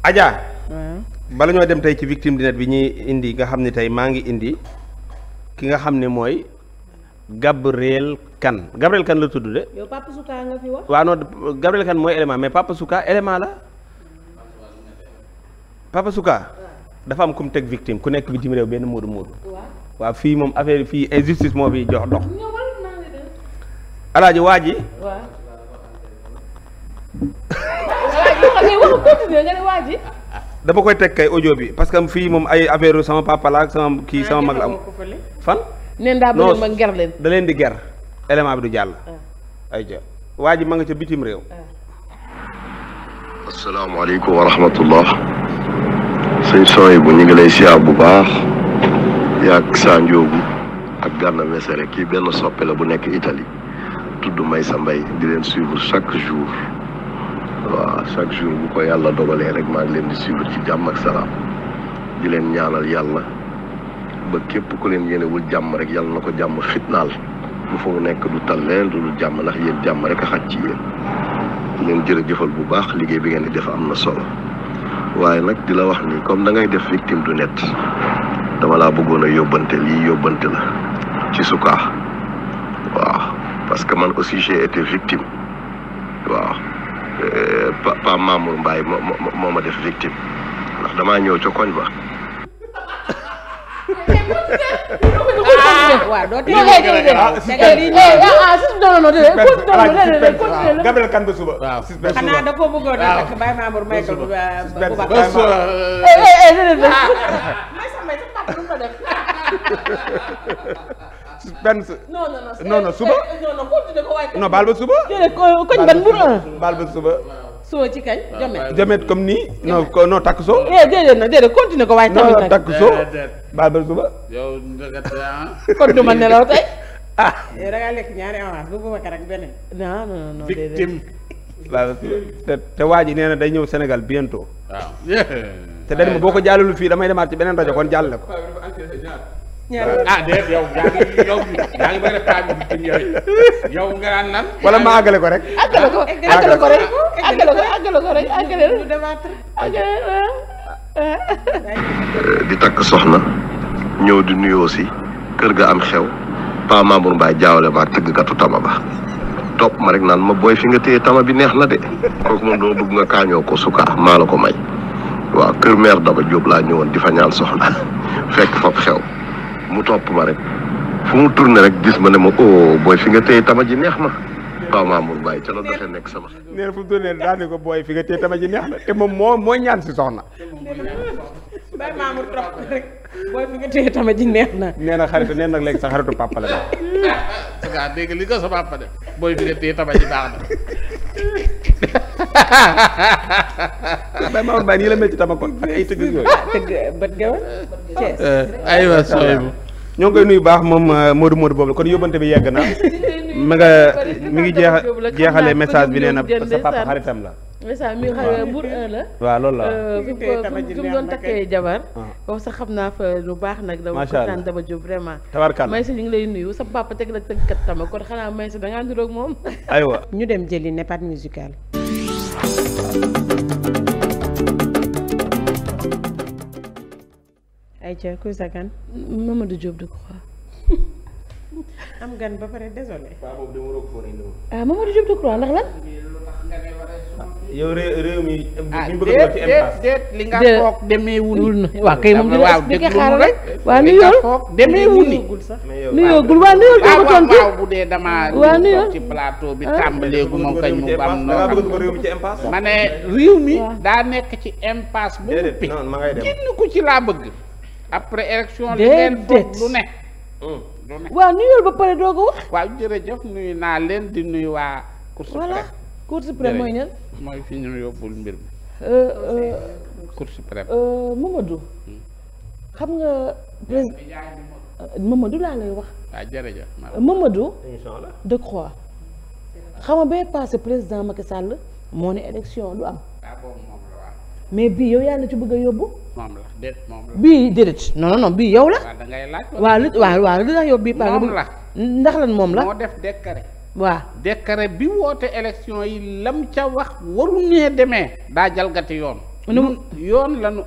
Adja. bala ñoo dem tey ci victime di bi ñuy indi nga xam ne tey maa ngi indi ki nga xam ne mooy Gabriel Kane Gabriel Kane la tudd de. yow Papa Souka nga fi Gabriel Kane mooy élément mais Papa Souka élément la. Papa Souka. dafa am ku mu teg victime ku nekk bitim réew benn moodu moodu. waaw fii moom affaire fii injustice moo fi jox dox. alaaji waa ji. loo ah, xam ne wax dama koy teg kay audio bi parce que fii moom ay affaire sama papa la ak sama kii sama mag la am ah, fan neen daa bëgg ma ger leen da leen di ger élément bi du jàll ah. ay ja waa ji ma nga ca bitim réew asalaamaaleykum wa rahmatullah sëñ sooy bu ñu ngi lay siyaar bu baax yaag saa njoogu ak gànna mesere kii benn soppe la bu nekk Italie tudd may sa mbay di leen suivre chaque jour voilà chaque jour bu ko yàlla dogalee rek maa leen di suivre ci jàmm ak salaam di leen ñaanal yàlla ba képp ku leen yéenewul jàmm rek yàlla na ko jàmm fitnaal lu fa mu nekk du talleel du lu jàmm ndax yéen jàmm rek a xaj ci yéen di leen jërëjëfal bu baax liggéey bi ngeen di def am na solo waaye nag di la wax ni comme da def victime du net dama laa bëggoon a yóbbante lii yóbbante la ci sukaa waaw parce que man aussi j'ai été victime waaw pa Pa Mamour Mbaye moo moo ma def victime ndax damaa ñëw ca koñ ba. waaw doo tee Gabriel Kane ba suba. waaw xanaa da koo bëggoon a takk Baye Mamour may ko. ba suba may sa may sa papa lu ko def. benn non non suba non baal ba suba. koñ ban bu ah. baal ba suba. suba ci kañ ah, jëmet. comme nii. non non takk soo. Eh, déedéet nag déedéet continué ko waaye tamit nag. takk ba ah. du ma nelaw tey. ah. yow eh, ñaari avance bu Boubacar te te waa ji nee na day ñëw Sénégal bientôt. waaw. te dañ boo ko jàllalu fii damay demaat ci beneen rajo kon jàll ko. ah a wala ma àggale ko rek. àggale ko rek di takk soxna ñëw di nuyoo si kër ga am xew Pa Mamour Mbaye jaawale maa tëggkatu tama ba topp ma rek naan ma booy fi nga téye tama bi neex na de kooku moom dama bëgg nga kaañoo ko sukaa maa la ko may waaw kër mère Daba Diop laa ñëwoon di fa ñaan soxna fekk fab xew mu topp ma rek fu mu tourné rek gis ma ne ma oh booy fi nga téye tama ji neex ma waaw Mamour Mbaye ca la doxee nekk sama. nee na fu mu tourné daal ne ko booy fi nga te tama ji neex na moom moo moo ñaan si soxna. na Mamour trop booy bi nga téye tama ji neex na. nee na xaritu nee na léegi sa xaritu papa la de. parce que li ko sa papa de booy bi nga téye tama ji baax na. bay nii la mel tama kon ak ay tëgg yooyu. tëgg bët gawal. Eh, aywa sooy bu. ñoo baax moom euh, Modou Modou boobu kon yóbbante bi yegg na. mi nga mi ngi jeex jeexalee message bi nee na sa papa xaritam la. message mi xam Mbour 1 la. waaw loolu la euh, fi mu doon takkee jabar. foofu ah. sax xam naa fa lu baax nag. macha allah dama jóg vraiment. tabarkalla Maysa ñu ngi lay nuyu sa papa teg la tëggkat tama kon xanaa Maysa da ngaa niroog moom. aywa ñu dem jëli nepat musical. ayca kuy sakan. Mamadou Diop Decroix. am gan ba pare désolé. waaw boobu dama war a ko indi. ah Mamadou Diop Decroix ndax lan. Ah, yow réew mi. Ah, ñu bëgg a ci déet li nga foog demee wul na waaw kay moom dina expliqué xaaral rek waaw nu yool demee wul ni nu nu yool dama waaw nu yool ci plateau bi tàmbaleegu moom kañ mu am ma ne réew mi daa nekk ci impasse bu nuppi génn ko ci laa bëgg après élection li ngeen foog lu ne hmm. waaw nuyul ba pare doo ko wax. waaw jërëjëf nuyu naa leen di nuyu waa. cour suprême voilà cour suprême mooy ñan. ñu yóbbul mbir mi. Euh, euh, cour suprême. Euh, Mamadou. Hmm. xam nga président Mamadou laa lay wax. waaw jërëjëf. Mamadou. de Croix. xam nga bee passé président Macky Sall moo ne élection lu am. Ah mais bii yow yaa na ci bëgg a yóbbu. moom la déet moom bii déedéet non non bii yow la. waaw da lu waaw waaw lu tax yow bii. moom ndax lan moom la. moo def décret. waa décret bi woote élection yi lam ca wax waru nee demee. daa jalgati yoon. nu yoon lanu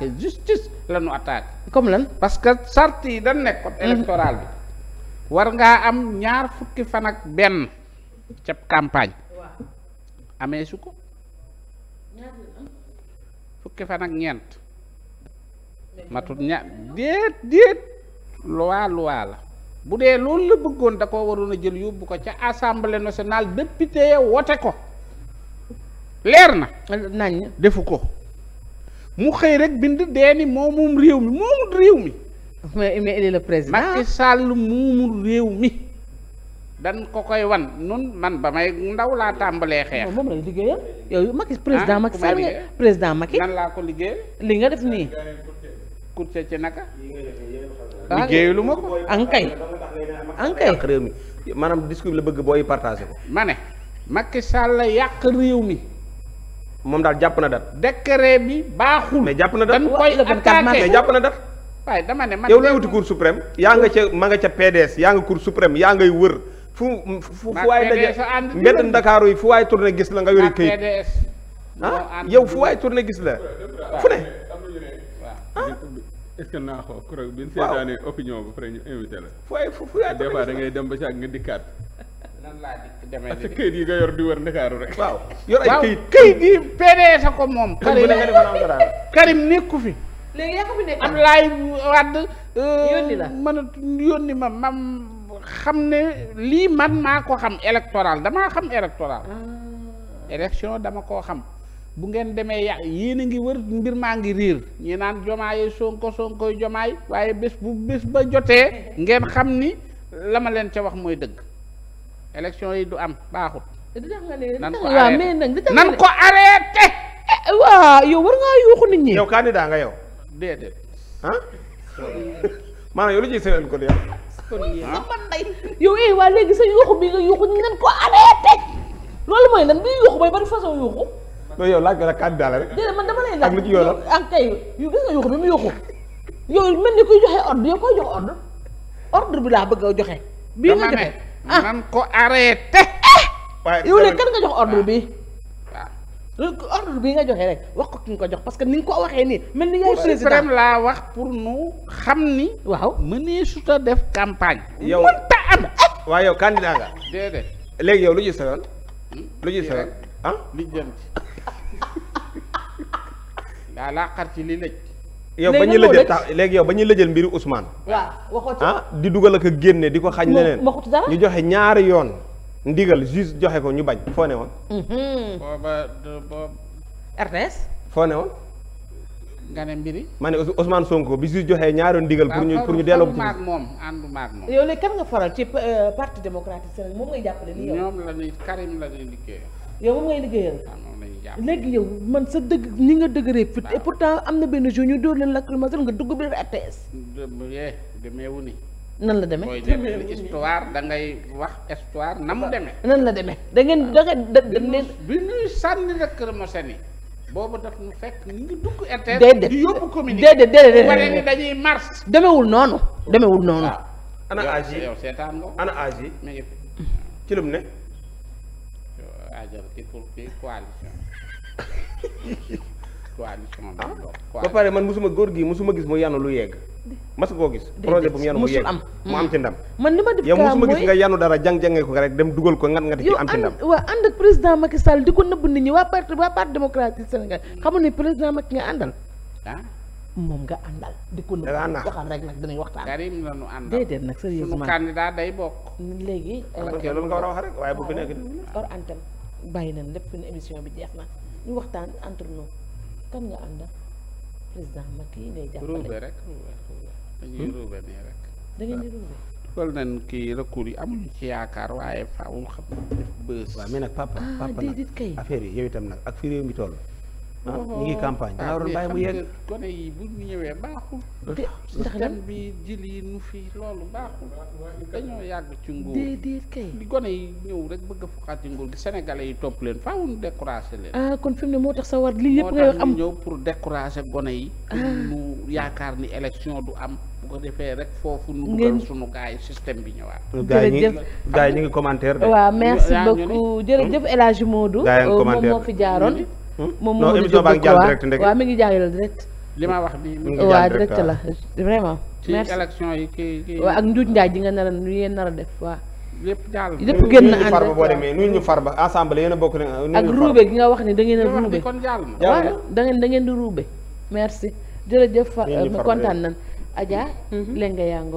ñu justice la ñu attaqué. comme lan parce que sart yi dañ nekk code mm. électoral bi. war ngaa am ñaar fukki fan ak benn ca campagne. amee su ko. fukki fan ak ñeent matut ña déet déet luwaa luwaa la bu dee loolu la bëggoon da ko waroon a jël yóbbu ko ca assemblée nationale député wote ko leer na nañ defu ko mu xëy rek bind dee ni moomum réew mi moomul réew mi mais il réew mi dan ko koy wan nun man ba may ndaw laa tàmbalee xeex. moom lay liggéeyal yow Macky président ah, Macky Sall nga président Macky. laa ko liggéey li nga def nii. courtier ci naka. Ah, lu ma ko. ankay ankay yàq réew mi maanaam discours la bëgg booy partagé ko. ma ne Macky Sall yàq réew mi. moom daal jàpp na dat. décret bi baaxul. mais jàpp na dat dañ koy attaqué mais jàpp na dat. waaye dama ne man yow lay wuti cour suprême. yaa nga ca ma nga ca PDS yaa nga cour suprême yaa ngay wër. fu fu waay daje mbedd ndakaaru yi fu waay tourné gis la nga yori këyit ah yow la fu ne ah? Ah? est-ce que naa xoo bi ñu seetaanee opinion ba la. fooy fu fu ba si ak nga dikkaat. nan yi nga yor di wër Ndakaaru rek. waaw yor ay këyit këyit yi PDS a ko moom. Karim nekku fi. léegi yaa ko fi nekk Abdoulaye Wade. yónni euh, ma mam xam ne lii man maa ko xam électoral damaa xam électoral ah. élection dama koo xam bu ngeen demee ya yéen a ngi wër mbir maa ngi riir ñi naan jomaay sonko sonko jomaay waaye bés bu bés ba jotee ngeen xam ni la ma leen ca wax mooy dëgg élection yi du am baaxut nan ko arrêté eh, eh, waa yow war ngaa yuuxu nit ñi ah man day yow eh waa léegi sa yuuxu bi nga yuuxu ñu ko arrêté loolu mooy lan bi yuuxu mooy ban façon yuuxu. yow laaj nga la candidat la rek. déedéet man dama lay laaj ak lu ci yoonam ak kay yu gis nga yuuxu bi mu yuuxu yow mel ni kuy joxe ordre yow koy joxe ordre ordre bi laa bëgg a joxe. bii nga joxe ah. nan ko arrêté. Eh! waaye yow léegi kan nga jox ordre bi. ordre bi nga joxe rek wax ko ki nga ko jox parce que ni nga ko waxee nii mel ni yaay président laa wax pour nu xam ni waaw mënee suta def campagne yow mënta am waaw yow candidat nga déedéet léegi yow lu ñuy hmm? ah? li jëm daa laa li lëj yow ba lëjël tax léegi yow ba ñu lëjël mbiru Ousmane waaw waxoo ci ah di dugal ak a génne di ko xañ leneen ñu joxe ñaari yoon ndigal juge joxe ko ñu bañ foo ne woon. Mhm. booba booba. RTS. foo ne woon. nga ne mbiri. ma ne Ousmane Sonko bi juge joxe ñaari ndigal. pour ñu pour ñu delloo ko ci moom ànduma ak moom. yow léegi kan nga euh, parti démocratique Sénégal moom ngay jàppale ni yow. ñoom la ñuy Karim la ñuy ah, yow man sa dëgg ni nga dëgëree fit et pourtant am na benn jour ñu dóor leen lacrymogène nga dugg biir RTS. demee nan la demee booy def histoire da ngay wax histoire na mu demee. nan la demee da ngeen ah. da ngeen da ngeen. bi ñuy sànni boobu daf ñu fekk ñu ngi dugg RTS. déedéet di yóbbu communiqué déedéet dañuy mars. demewul noonu. demewul noonu. waaw ah. ana âge yi yow nga ana âge ci lu mu ne. Ah. ba pare man mosuma góor gi mosuma gis mu yànn lu yegg. mas koo gis projet bu mu yanu mu yegg mu am ci ndam mm. man li ma def yow mosuma gis nga yanu dara jang-jangee ko rek dem dugal ko ngat ngati ci am ci ndam waaw ànd ak di ko nëbb nit ñi waa parti waa parti démocratique Sénégal xamul ne président Macky nga àndal ah? moom nga àndal di ko nëbb waxal rek nag léegi eh, loolu nga war a wax rek waaye bu fi nekk hors antenne bàyyi nañ lépp fi émission bi jeex na ñu waxtaan entre nous kan président Macky ngay jàppale ruube rek dañuy hmm? ruube nii rek. da ngeen di ruube. loolu nañ kii recours yi amuñu ci yaakaar waaye faaw xam def bës. waaw mais nag papa ah, papa nag affaire yi yow itam nag ak fi réew mi toll. ñu ah, ngi campagne ah, da nga waroon bàyyi mu yegg gone yi bu ñëwee baaxul système bi jël yi nu fii loolu baaxul dañoo yàgg ci nguur déedéet kay li gone yi ñëw rek bëgg a fuxaat ci nguur yi topp leen faaw ñu découragé leen ah moo tax sa war lii yëpp ngay wax am ñëw pour découragé yi ah. ñu yaakaar ni élection du am bu ko foofu nu dugal suñu système bi ñëwaat jërëjëf gars ñu ngi commentaire waaw merci beaucoup jërëjëf El Hadji Modou euh, moom moo fi jaaroon Hmm? moom moo émission baa ngi jàll direct ndek waaw mi ngi jàll direct. li ma wax bi mi ngi direct la vraiment. merci ci élection yi kii kii. waaw ak njuuj njaaj yi nga nar a nu yéen nar def waaw. lépp jàll lépp génn ànd farba boo demee nuyu ñu farba ensemble yéen a bokk ak ruube gi nga wax ni da ngeen a ruube kon jàll na waaw da ngeen da ngeen di ruube merci jërëjëf euh, fa kontaan na Adja hmm. leen nga yàngoo